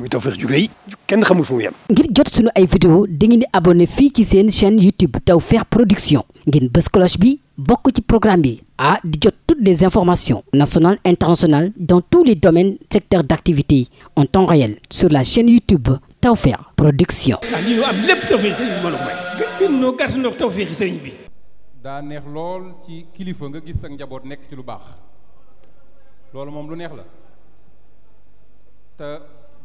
muy Tawfekh ju rëy ngir jot sunu ay vidéo dangeen di abonné fii ci seen chaîne YouTube Tawfekh Production ngeen bës cloche bi bokk ci programme bi a di jot toutes des informations national internationales dans tous les domaines secteurs d'activité en temps réel sur la chaîne YouTube Tawfekh Production. ah lii ñu am lépp Tawfekh sëriñ bi lool kilifa nga gis ak njaboot nekk ci lu baax loolu moom lu neex la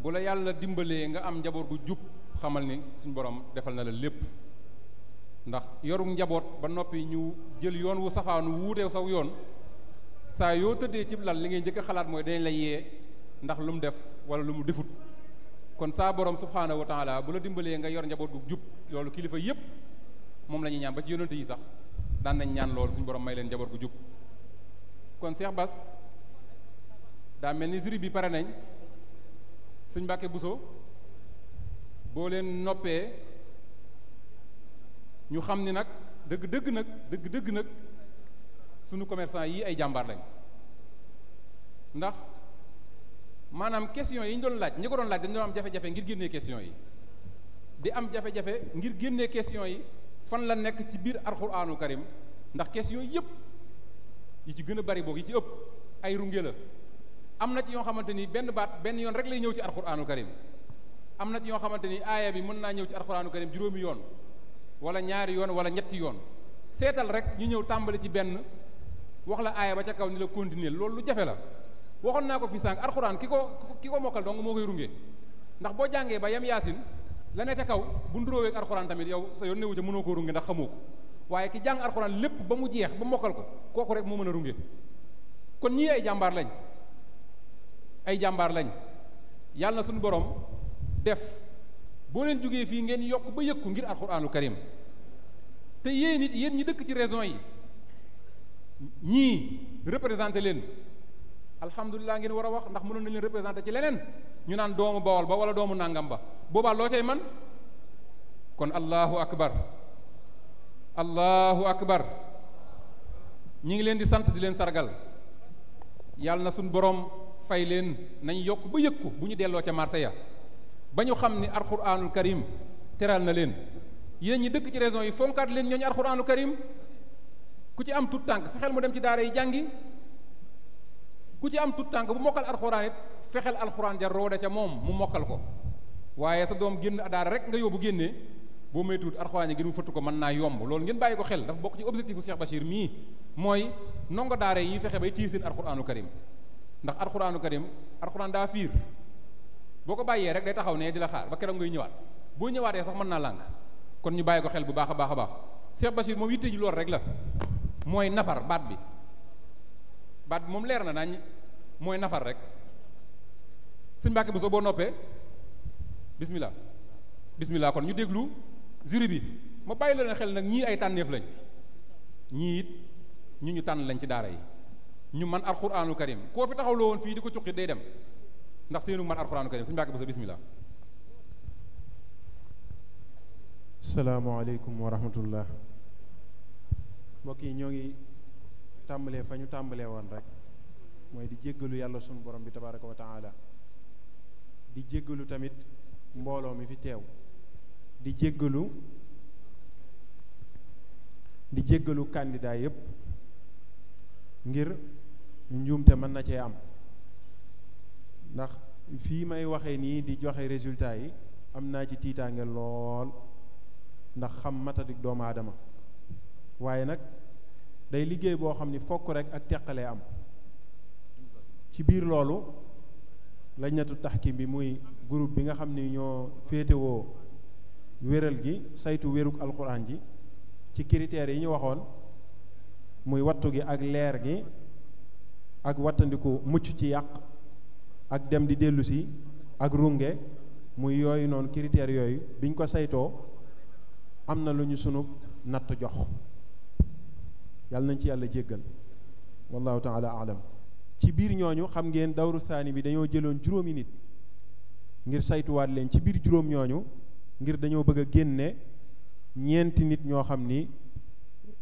bu la yàlla dimbalee nga am njaboot gu jub xamal ni suñ boroom defal na la lépp ndax yorum njaboot ba noppi ñu jël yoon wu safaanu wuuteew saw yoon saa yoo tëddee cib lal li ngay njëkk xalaat mooy dañ la yee ndax lu mu def wala lu mu defut kon saa borom subhaanahu wu taala bu la dimbalee nga yor njaboot gu jub loolu kilifa yépp moom la ñuy ñaan ba ci yonante yi sax daan nañ ñaan loolu suñ borom may leen njaboot gu jub kon Cheikh Bass daa mel pare nañ sëñ bu Buso boo leen noppee ñu xam ni nag dëgg dëgg nag dëgg dëgg nag sunu commerçant yi ay jàmbaar lañ ndax maanaam question yi ñu doon laaj ñi ko doon laaj dañu doon am jafe-jafe ngir génnee question yi di am jafe-jafe ngir génnee question yi fan la nekk ci biir alxuraanu karim ndax question yëpp yi ci gën a bari boog yi ci ëpp ay runge la am na ci yoo xamante ni benn baat benn yoon rek lay ñëw ci alxuraanul karim am na ci yoo xamante ni aaya bi mën naa ñëw ci alxuraanul karim juróomi yoon wala ñaari yoon wala ñetti yoon seetal rek ñu ñëw tàmbali ci benn wax la aaya ba ca kaw ni la continuer loolu lu jafe la waxoon naa ko fi sànq alxuraan ki ko ki ko mokkal dong moo koy runge ndax boo jàngee ba yam yaasin la ne ca kaw bu nduróowee ak alxuraan tamit yow sa yoon newu ca mënoo koo runge ndax xamoo ko waaye ki jàng alxuraan lépp ba mu jeex ba mokkal ko kooku rek moo mën a runge kon ñii ay jàmbaar lañ ay jàmbaar lañ yàlla na suñu borom def boo leen jógee fii ngeen yokk ba yëkku ngir alxuraanu karim te yéen it yéen ñi dëkk ci régions yi ñii represente leen alhamdulilah ngeen war a wax ndax mënoon na leen représenté ci leneen ñu naan doomu Bawol ba wala doomu nàngam ba boobaa loo man kon allahu akbar allahu akbar ñi ngi leen di sant di leen sargal yàlla na suñ boroom fay leen nañ yokk ba yëg ko bu ñu delloo ca marché ya ba ñu xam ni alxuraanul karim teral na leen yen ñi dëkk ci régions yi fonkaat leen ñooñu alxuraanul karim ku ci am tut tànk fexeel mu dem ci daara yi jàngi ku ci am tut tànk bu mokkal alxuraan fexeel alxuraan ja roode ca moom mu mokkal ko waaye sa doom génn daara rek nga yóbbu génnee boo moytuwut alxuraan yi ngeen mu fëttu ko mën naa yomb loolu ngeen bàyyi ko xel dafa bokk ci objectifu Cheikh Bachir mii mooy ndongo daara yi fexe bay tii seen alxuraanul karim ndax alxuraanu karim alxuraan daa fiir boo ko bàyyee rek day taxaw ne di la xaar ba keroog ngay ñëwaat boo ñëwaatee sax mën naa lànk kon ñu bàyyi ko xel bu baax a baax a baax Cheikh Bachir moom yitte ji lool rek la mooy nafar baat bi baat bi moom leer na daañ mooy nafar rek sëñ Mbàkke bu soo boo noppee bismillah bismillah kon ñu déglu jury bi ma bàyyi la ne xel nag ñii ay tànneef lañ ñii it ñu ñu tànn lañ ci daara yi ñu man alxuraanu karim koo fi taxawloo woon fii di ko cuqi day dem ndax seenu man alxuraanu karim suñu bàkk bu sa bismillah salaamaaleykum wa rahmatullah mbokk yi ñoo ngi tàmbalee fa ñu tàmbalee woon rek mooy di jéggalu yàlla sunu borom bi tabaraka wa taala di jéggalu tamit mbooloo mi fi teew di jéggalu di jéggalu kàndidaa yépp ngir njuumte mën na cee am ndax fii may waxee nii di joxe résultat yi am naa ci tiitaange lool ndax xam matadik doomu aadama waaye nag day liggéey boo xam ni fokk rekk ak teqalee am ci biir loolu lañnatu taxkim bi muy groupe bi nga xam ni ñoo féetewoo wéral gi saytu wérug alxuraan ji ci critères yi ñu waxoon muy wattu gi ak leer gi ak wattandiku mucc ci yàq ak dem di dellu si ak runge muy yooyu noonu critères yooyu biñ ko saytoo am na lu ñu sunu natt jox yàlla nañ ci yàlla jéggal wallahu taala alam ci biir ñooñu xam ngeen dawru saani bi dañoo jëloon juróomi nit ngir saytuwaat leen ci biir juróom ñooñu ngir dañoo bëgg a génne ñeenti nit ñoo xam ni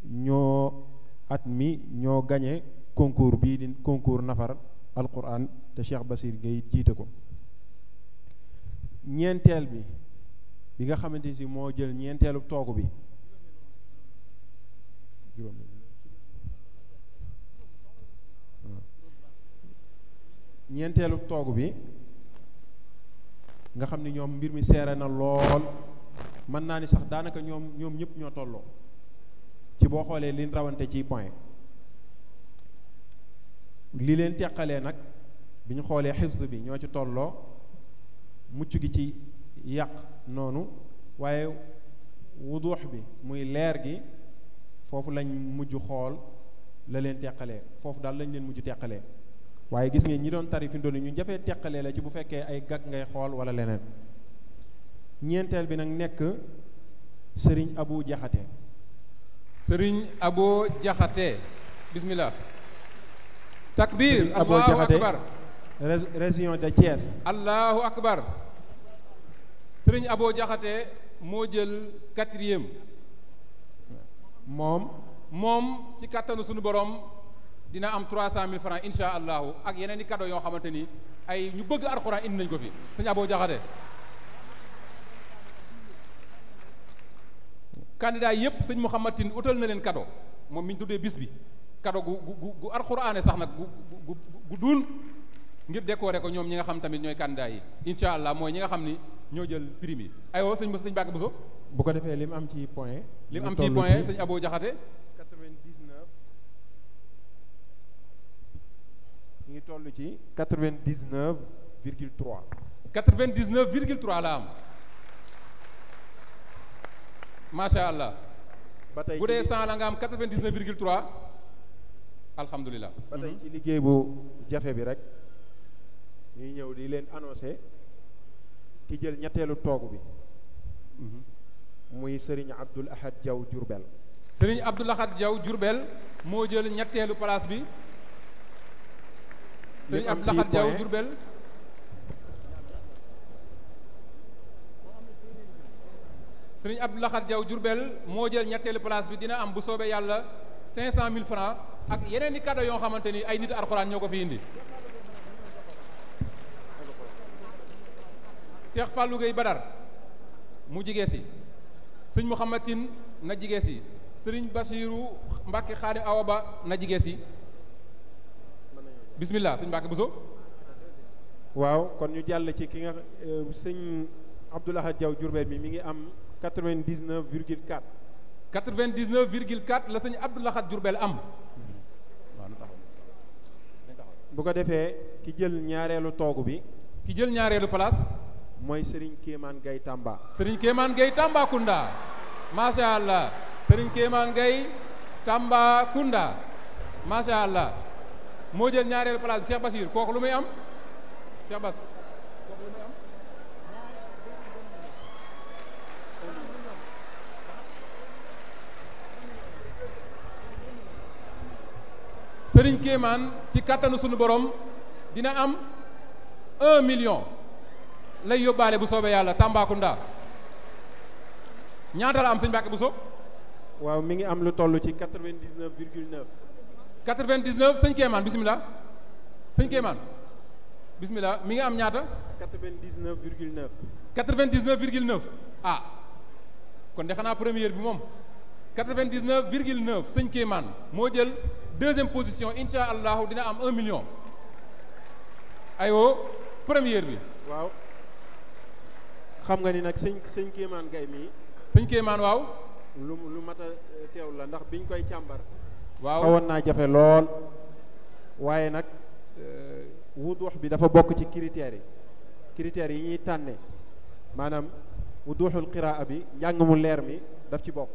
ñoo at mi ñoo gañe concours bii di concours nafar alquran te Cheikh Basir Gueye jiite ko ñeenteel bi bi nga xamante si moo jël ñeenteelu toogu bi ñeenteelu toog bi nga xam ni ñoom mbir mi seere na lool mën naa ni sax daanaka ñoom ñoom ñëpp ñoo tolloo ci boo xoolee liñ rawante ci point li leen teqalee nag bi ñu xoolee xifs bi ñoo ci tolloo mucc gi ci yàq noonu waaye wuduux bi muy leer gi foofu lañ mujj xool la leen teqalee foofu daal lañ leen mujj teqalee waaye gis ngeen ñi doon tari fi ñu jafee teqalee la ci bu fekkee ay gag ngay xool wala leneen ñeenteel bi nag nekk sëriñ Abu Jaxate sëriñ Abu Jaxate bismillah takbir allahu akbar région de Thiès allahu akbar sëriñ aboo Jaxate moo jël quatrième moom moom ci kattanu suñu borom dina am trois cent mille francs insha allahu ak yeneen i kado yoo xamante ni ay ñu bëgg alxuraan indi nañ ko fi sëñ Abo Jaxate candidat yépp sëñ Mouhamadou Tine utal na leen kado moom mi ñu tuddee bis bi kado gu gu gu alxuraane sax nag gu gu gu duun ngir décorer ko ñoom ñi nga xam tamit ñooy candidat yi incha allah mooy ñi nga xam ni ñoo jël prime yi aywa sëñ Moussa sëñ Bakk Bousso. bu ko defee lim am ci point. lim am ci point sëñ Abo Jaxate 99 ñu ngi toll ci 99 virgule 3. 99 virgule 3 la am macha allah. ba bu dee 100 la nga am 99 virgule 3. alhamdulilah. ba tey ci liggéey bu jafe bi rek ñuy ñëw di leen annoncé ki jël ñetteelu toogu bi. Mhm. muy sëriñ Abdoul Ahad Diaw Diourbel. Serigne Abdoul Ahad Diaw Diourbel moo jël ñetteelu palaas bi. Serigne Abdoul Ahad Diaw Diourbel. Serigne Abdoul Ahad Diaw Diourbel moo jël ñetteelu place bi dina am bu soobee yàlla cinq cent ak yeneen i cadeau yoo xamante ni ay nit alxuraan ñoo ko fi indi Cheikh Fallou Gueye Badar mu jigee si sëñ Mouhamad Tine na jigee si sëriñ Basiru Mbàkke Xaadim Awa Ba na jigee si bismillah sëñ Mbàkke Bousso waaw kon ñu jàll ci ki nga euh, sëñ Abdoul Ahad Diaw Diourbel mi mi ngi am 99 virgule 4 99 virgule 4 la sëñ Abdoul Ahad Diourbel am bu ko defee ki jël ñaareelu toogu bi. ki jël ñaareelu place. mooy Serigne Kéemaan Gay Tamba. Serigne Kéemaan Gay Tambacounda macha allah Serigne Kéemaan Gay Tambacounda macha allah moo jël ñaareelu place bi Cheikh Basir kooku lu muy am Cheikh Bas. Serigne Kéemaan ci kattanu sunu borom dina am million lay yóbbaale bu soobee yàlla Tambacounda ñaata la am sëñ Mbàkke so waaw mi ngi am lu toll ci quatre-vingt-dix-neuf sëñ Kéemaan bisimilah sëñ Kéemaan bisimilah mi ngi am ñaata. vingt dix neuf virgule neuf. quatre vingt ah kon de xanaa première bi moom. 99 virgule 9 sëñ Kéemaan moo jël deuxième position incha allahu dina am 1 million ayoo première bi. waaw xam nga ni nag sëñ sëñ Kéemaan gay mii. sëñ Kéemaan waaw. lu lu mat a eh, teew la ndax biñ koy càmbar. waaw xawoon naa jafe lool waaye nag eh, wut wax bi dafa bokk ci critères yi critères yi ñuy tànne maanaam wuduxul qiraa bi njàng mu leer mi daf ci bokk.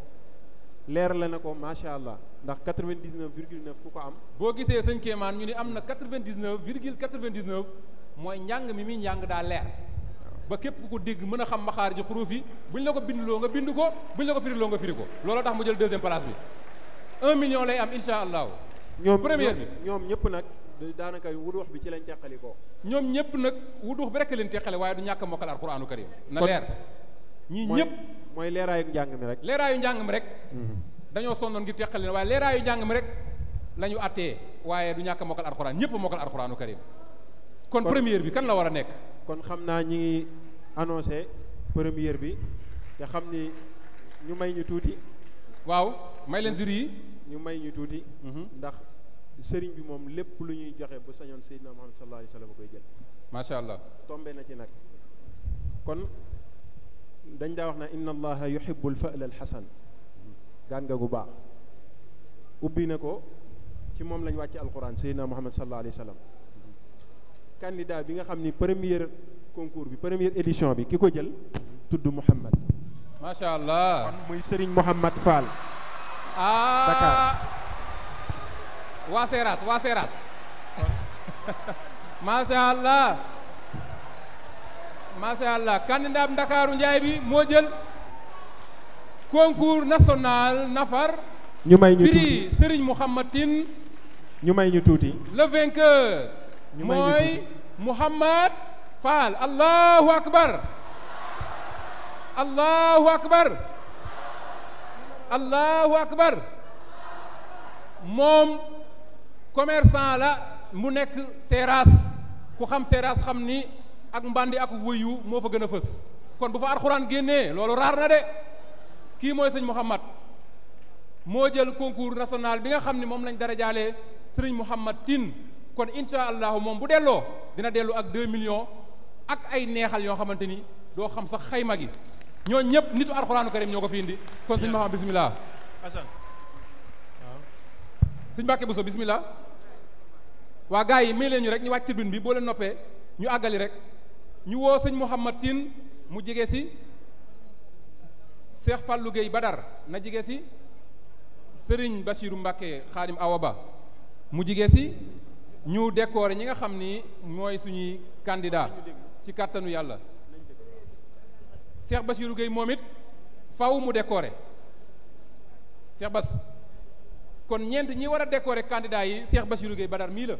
leer la na ko macha allah ndax 99 virgule 9 ku ko am. boo gisee sëñ Kéemaan ñu ne am na 99 virgule 99 mooy njàng mi muy njàng daa leer. ba képp ku ko dégg mën a xam maxaar ji xuruuf yi buñ la ko bindloo nga bind ko buñ la ko loo nga firi ko looloo tax mu jël deuxième place bi 1 million lay am incha allahu. ñoom première bi ñoom ñëpp nag. daanaka wudux bi ci lañ teqali ko ñoom ñëpp nag wudux bi rekk leen teqale waaye du ñàkk mokkal alquraanu karim na leer ñii ñëpp. mooy leeraayu njàng mi rek. leeraayu njàng mi rek. Hmm. dañoo sonnoon ngir teq leen waaye leeraayu njàng mi rek la ñu attee waaye du ñàkk a mokkal alxuraan ñëpp a mokkal alxuraanu karim kon première bi kan la war a nekk. kon xam naa ñi ngi annoncé première bi te xam ni ñu may ñu tuuti. waaw may leen jury yi. ñu may ñu tuuti. Mhm. ndax sëriñ bi moom lépp lu ñuy joxe bu sañoon Seydina Muhammad sallallahu alayhi wa sallam koy jël. macha allah tombe na ci nag kon. dañ daa wax ne inna allaha yuhibbul fa'l al xasan gaan nga gu baax ubbi na ko ci moom lañ wàcc alquran seydina muhammad sallallahu alayhi wa sallam candidat bi nga xam ni première concours bi première édition bi ki ko jël tudd muhammad macha allah muy sëriñ muhammad fall ah Dakar waa allah macha allah candidat Ndakaaru Njaay bi moo jël concours national nafar ñu may ñu tuuti prix Serigne Mouhamad Tine ñu may ñu tuuti le vainqueur ñu may ñu mooy Mouhamad Fall allahu allahu akbar allahu akbar moom commerçant la mu nekk Seras ku xam Seras xam ni ak mbandi ak wëyu moo fa gën a fës kon bu fa alxuraan génnee loolu raar na de kii mooy sëñ Mouhamad moo jël concours national bi nga xam ne moom lañ dara jaalee sëriñ Mouhamad Tine kon incha allahu moom bu delloo dina dellu ak 2 millions ak ay neexal yoo xamante ni doo xam sax xayma gi ñoo ñëpp nitu alxuraanu karim ñoo ko fi indi kon sëñ Mouhamad bisimilah. Assane sëñ Mbàkke Bousso bisimilah. waa gars yi may leen ñu rek ñu wàcc tribune bi boo leen noppee ñu àggali rek. ñu woo sëñ Mouhamad Tine mu jege si Cheikh Fallou Gueye Badar na jege si Serigne Bassirou Mbacké Khadim Awa Ba mu jege si ñu décorer ñi nga xam ni mooy suñuy candidat ci kàttanu yàlla Cheikh Bassirou Gueye moom it faw mu décorer Cheikh bas kon ñeent ñi war a décorer candidat yi Cheikh Bassirou Gueye Badar mii la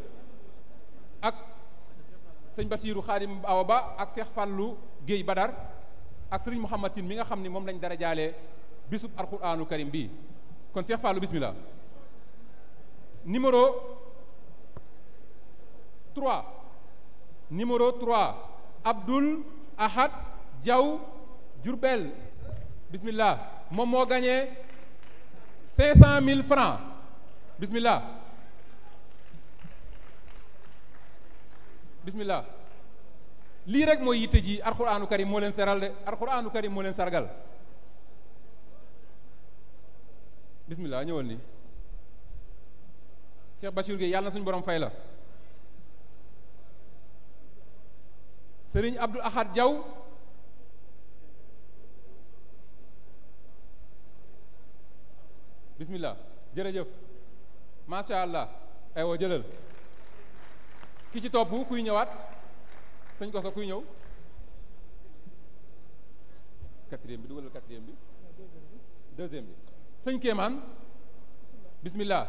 sëñ Basiiru Xaadim Awa Ba ak Seex Fàllu Géey Badar ak sëriñ Mouhamad Tine mi nga xam ni moom lañ dara jaale bisub alxuraanu karim bi kon Seex Fàllu bismillah numéro 3 numéro 3 Abdoul Ahad Diaw Diourbel bismillah moom moo gagné 500 000 francs bismillah bismillah lii rek mooy yitte ji alxuraanu karim moo leen seral de alxuraanu karim moo leen sargal bismillah ñëwal ni Cheikh Bachir Gueye yàlla suñ borom fay la Sëriñ Abdul Ahad Diaw bismillah jërëjëf macha allah aywa jëlal ki ci topp kuy ñëwaat sëñ Koso kuy ñëw quatrième bi bi deuxième bi sëñ Kéemaan bismillah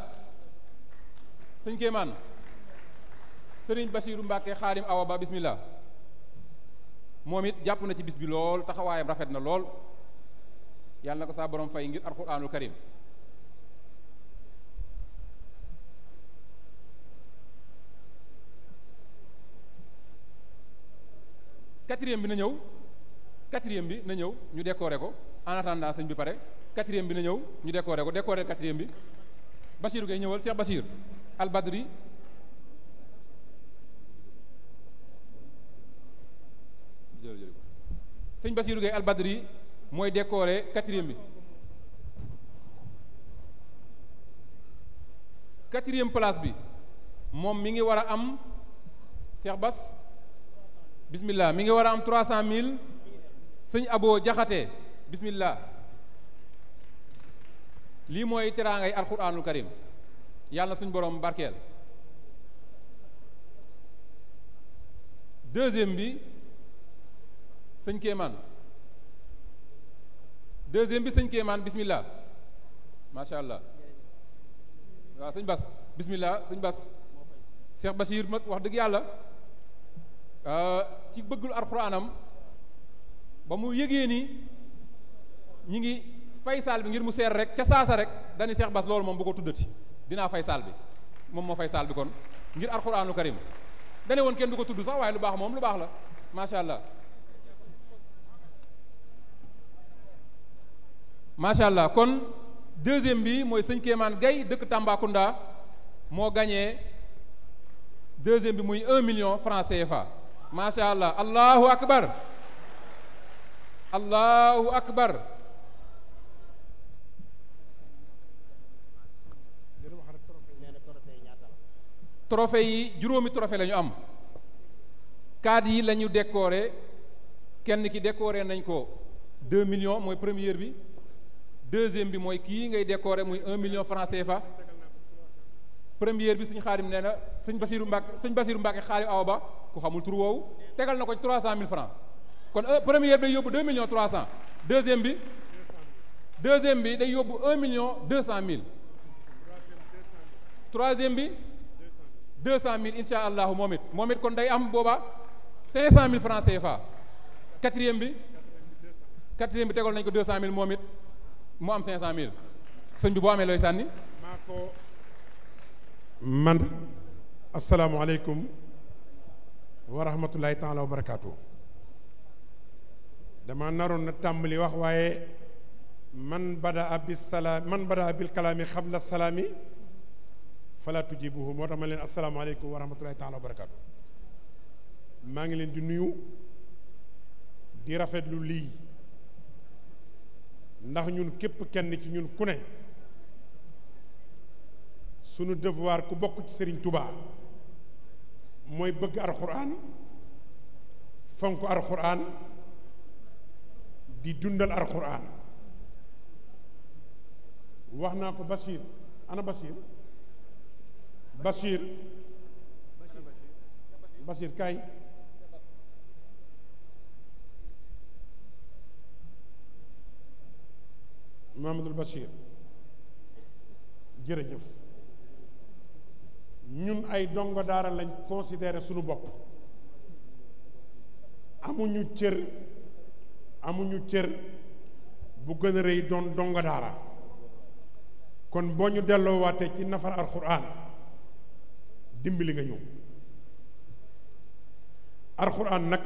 sëriñ Basiiru Mbàkke xaarim awa ba bismillah moom it jàpp na ci bis bi lool taxawaayam rafet na lool yàlla na ko saa boroom fay ngir alxuraanul karim quatrième bi na ñëw quatrième bi na ñëw ñu décorer ko en attendant sëñ bi pare quatrième bi na ñëw ñu décorer ko décorer quatrième bi Bachir Gueye ñëwal Cheikh Bachir Al Badri sëñ Bachir Gueye Al Badri mooy décorer quatrième bi quatrième place bi moom mi ngi war a am Cheikh Bass bismillah mi ngi war a am trois cent mille sëñ aboo jaxate bismillah lii mooy teraangay alxuraanul karim yàlla na suñ borom barkeel deuxième bi sëñ kéemaan deuxième bi sëñ kéemaan bismillah macha allah waaw sëñ bas bismillah sëñ bas Cheikh Bachir mag wax dëgg yàlla Euh, ci bëggul alxuraanam ba mu yëgee ni ñi ngi fay saal bi ngir mu seer rek ca saasa rek dani Seex Bas loolu moom bu ko tuddati dinaa fay saal bi moom moo fay saal bi kon ngir alxuraanu karim dane woon kenn du ko tudd sax waaye lu baax moom lu baax la macha allah macha kon deuxième bi mooy sëñ Kéemaan Gay dëkk Tambacounda moo gagné deuxième bi muy un million franc CFA macha allah allahu akbar allahu akbar trophée yi juróomi trophée la ñu am cadre yi la ñu décoré kenn ki décoré nañ ko deux million mooy première bi deuxième bi mooy kii ngay décoré muy un million franc fa première bi suñu xaadim nee na suñ basiiru mbàkke suñ basiiru mbàkke xaadim awa ba ku xamul tegal na ko trois cent mille francs kon euh, première bi day yóbbu deux millions trois cent deuxième bi deuxième bi day yóbbu un million deux cent mille troisième bi deux cent mille insha allahu moom it kon day am booba cinq cent mille francs CFA quatrième bi quatrième bi tegal nañ ko deux cent mille mu am cinq cent sëñ bi boo amee looy sànni man asalaamualeykum wa rahmatullahi taala wa barakaatu dama naroon na tàmbali wax waaye man bada a bisalaam man bada a bil kalaami xabla salaami falaatu tujibuhu moo tax ma leen asalaamualeykum wa rahmatullahi taala wa barakaatu maa ngi leen di nuyu di rafetlu lii ndax ñun képp kenn ci ñun ku ne sunu devoir ku bokk ci Serigne tubaa mooy bëgg alxuraan fonk alxuraan di dundal alxuraan wax naa ko Bachir ana Bachir Bachir Bachir kay Mamadou Bachir jërëjëf ñun ay dongo daara lañ considéré suñu bopp amuñu cër amuñu cër bu gën a rëy doon dongo daara kon boo ñu delloowaatee ci nafar alxuraan dimbali nga ñëw alxuraan nag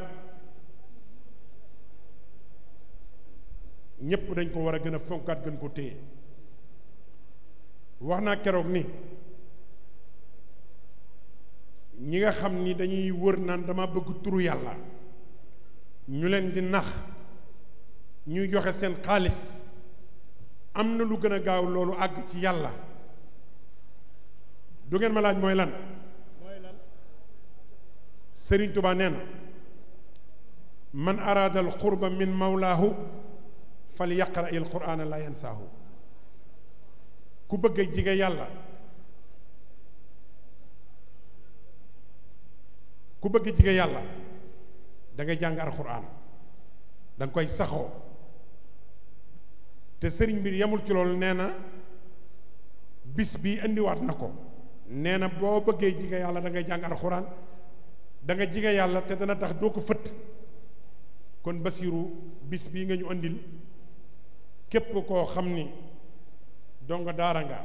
ñépp dañ ko war a gën a fonkaat gën ko téye wax naa keroog ni ñi nga xam ni dañuy wër naan dama bëgg turu yàlla ñu leen di nax ñuy joxe seen xaalis am na lu gën a gaaw loolu àgg ci yàlla du ngeen ma laaj mooy lan Sëriñ na man araada al qurba min mawlaahu fal yaqra il qur'aana la yansaahu ku bëgg a jige yàlla ku bëgg jige yàlla da ngay jàng alxuraan da nga koy saxoo te sëriñ bi yemul ci loolu nee na bis bi indiwaat na ko nee na boo bëggee jige yàlla dangay ngay jàng alxuraan da nga jige yàlla te dana tax doo ko fëtt kon basiiru bis bii nga ñu andil képp koo xam ni donga daara nga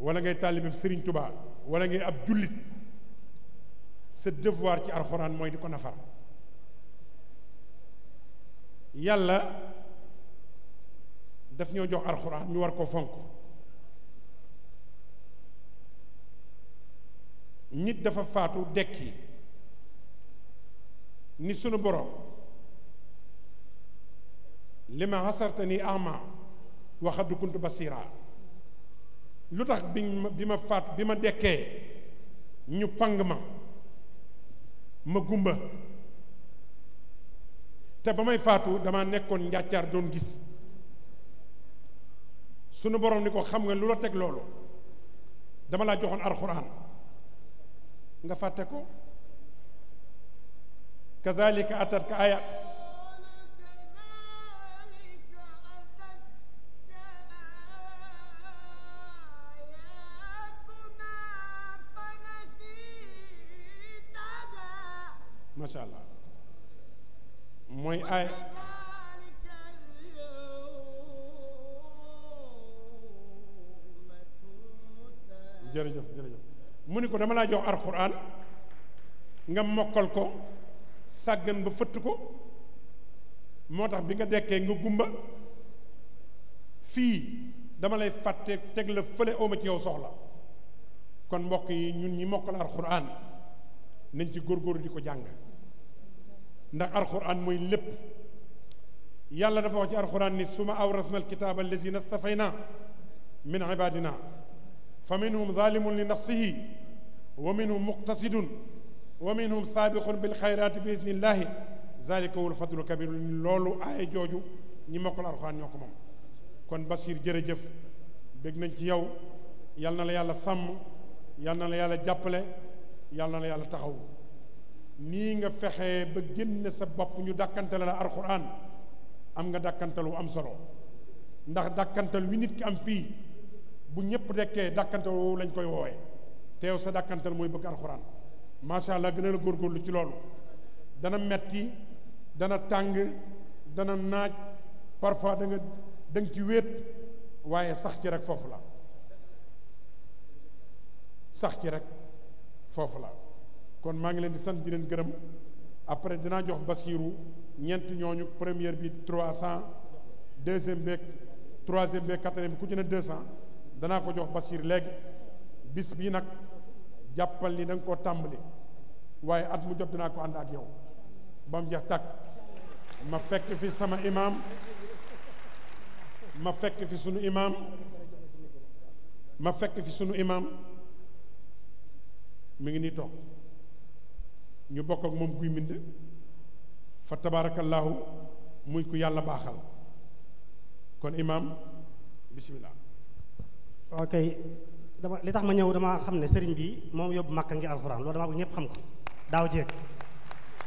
wala ngay taalibe sëriñ Tuubaa wala ngay ab jullit sa devoir ci alxuraan mooy di ko nafar yàlla daf ñoo jox alxuraan ñu war ko fonk nit dafa faatu dekki ni sunu borom li ma xasarte ni ama waxadu kuntu basira lu tax bi ma bi ma faatu bi ma dekkee ñu pang ma ma gumba te ba may faatu dama nekkoon njàccaar doon gis sunu borom ni ko xam nga lu la teg loolu dama laa joxoon alxuraan nga fàtte ko kazalika atat ka ayat mooy ay jërëjëf mu ni ko dama laa jox alxuraan nga mokkal ko sàggan ba fëtt ko moo tax bi nga dekkee nga gumba fii dama lay fàtte teg la fële ooma ci yow soxla kon mbokk yi ñun ñi mokkal alxuraan nañ ci góorgóorlu di ko jàng ndax alquran mooy lépp yàlla dafa wax ci alquran ni suma awrasna alkitaaba allazina stafayna min ibadina fa minhum zalimun li nafsihi wa minhum muqtasidun wa minhum saabiqun bilxayraati bi idnillahi zalika wal fadlu kabiru loolu aaya jooju ñi mokkal alquran ñoo ko moom kon Bachir jërëjëf bég nañ ci yow yal na la yàlla sàmm yal na la yàlla jàppale yal na la yàlla taxaw nii nga fexe ba génne sa bopp ñu dàkkantale la alxuraan am nga dàkkantal wu am solo ndax dàkkantal wi nit ki am fii bu ñëpp dekkee dàkkantal woowu lañ koy woowee teew sa dàkkantal mooy bëgg alxuraan macha allah gën a la ci loolu dana metti dana tàng dana naaj parfois da nga da ci wéet waaye sax ci rek foofu la sax ci rek foofu la kon maa ngi leen di sant di leen gërëm après dinaa jox Basiru ñeent ñooñu première bi trois cent deuxième beeg troisième beeg quatrième bi ku ci ne deux danaa ko jox Basir léegi bis bii nag jàppal ni da nga koo tàmbali waaye at mu jot dinaa ko ànd ak yow ba mu jeex tàkk ma fekk fi sama imaam ma fekk fi sunu imaam ma fekk fi sunu imaam mu ngi nii toog ñu bokk ak moom guy mbind fa tabaarakallaahu muy ku yàlla baaxal kon imaam bisimilah. waaw dama li tax ma ñëw dama xam ne sëriñ bi moom yóbbu màkk ngir alxuraan loolu dama ko ñëpp xam ko daaw jéeg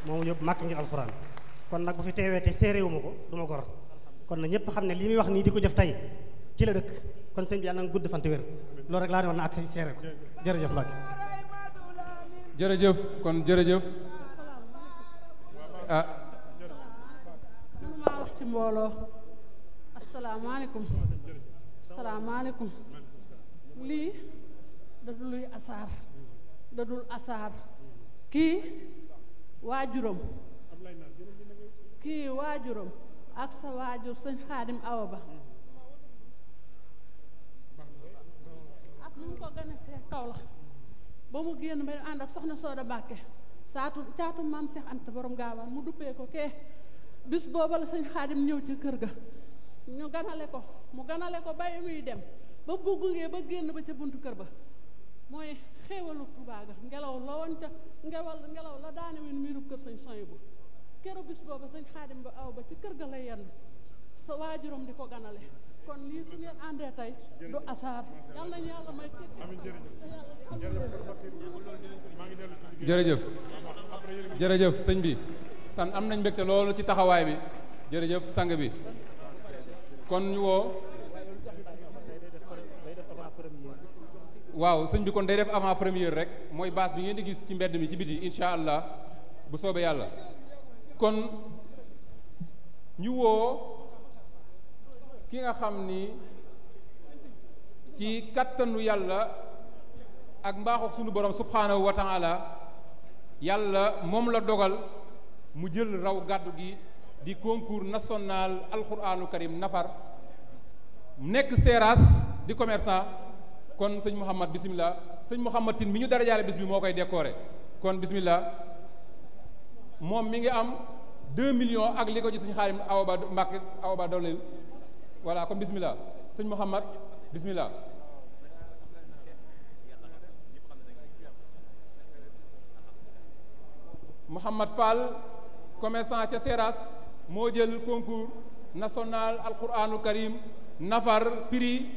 moom yóbbu màkk ngir alxuraan kon nag bu fi teewee te séeréewuma ko du ma gor kon na ñëpp xam ne li muy wax nii di ko jëf tey ci la dëkk kon sëñ bi yàlla na gudd fan te wér loolu rek laa ne na ak séeré ko jërëjëf Mbacke jërëjëf kon jërëjëf ah mënumaa wax ci mbooloo asalaamaaleykum asalaamaaleykum lii da duluy asaar da dul asaar kii waajuram kii waajuram ak sa waajur sëñ xaadim awa ba ba mu génn ba ànd ak soxna Sooda Bàkke saatu caatu maam Seex Anta borom gaawaan mu duppee ko kee bis booba la sëñ Xaadim ñëw ca kër ga ñu ganale ko mu ganale ko bay muy dem ba bu gungee ba génn ba ca buntu kër ba mooy xéewalu Tuubaa ga ngelaw la woon ca ngewal ngelaw la daane win miiru kër sañ soy bu keru bis booba sëñ Xaadim ba aw ba ci kër ga la yenn sa waa waajuram di ko ganale kon lii jërëjëf jërëjëf sëñ bi san am nañ mbégte loolu ci taxawaay bi jërëjëf sang bi kon ñu woo waaw sëñ bi kon day def avant première rek mooy baas bi ngeen di gis ci mbedd mi ci biti incha allah bu soobee yàlla kon ñu woo ki nga xam ni ci kàttanu yàlla ak mbaaxu sunu borom subhanahu wa taala yàlla moom la dogal mu jël raw gàddu gi di concours national alquranu karim nafar nekk seeraas di commerçant kon sëñ Mouhamad bisimilah sëñ Mouhamad Tine mi ñu dara jaare bis bi moo koy décoré kon bisimilah moom mi ngi am 2 millions ak li ko ci sëñ Xaalim Awa Ba Mbàkke Awa voilà kon bismillah sëñ Mouhamad bismillah Mouhamad Fall commerçant ca Seras moo jël concours national alquranu karim nafar prix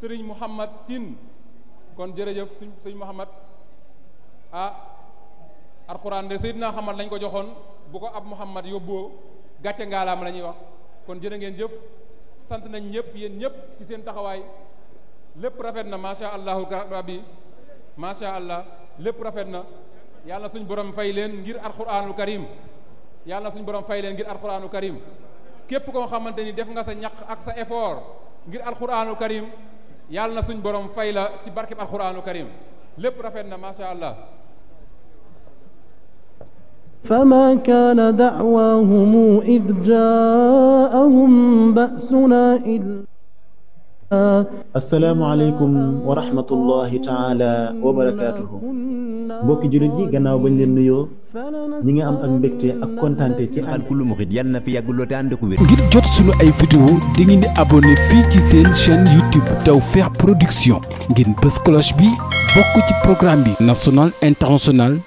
sëriñ Mouhamad Tine kon jërëjëf sëñ sëñ a ah alquran de Seydina Muhammad lañ ko joxoon bu ko ab Mouhamad yóbboo gàcce ngaalaama la ñuy wax kon jërë ngeen jëf sant nañ ñëpp yéen ñëpp ci seen taxawaay lépp rafet na macha allahu rabbi macha allah lépp rafet na yàlla suñ borom fay leen ngir alquranul karim yàlla suñ borom fay leen ngir alquranul karim képp koo xamante ni def nga sa ñaq ak sa effort ngir alquranul karim yàlla na suñ borom fay la ci barkeb alquranul karim lépp rafet na macha allah. فما كان دعواهم إذ جاءهم بأسنا إلا السلام عليكم ورحمة الله تعالى وبركاته mbokki jullit yi gannaaw bañ leen nuyoo ñi nga am ak mbégte ak kontaante ci ànd ku lu muxit yàlla fi yàgguloo te ànd ko wér ngir jot suñu ay vidéo di ngeen di abonné fii ci seen chaîne YouTube Tawfekh Production ngeen bës cloche bi bokk ci programme bi national international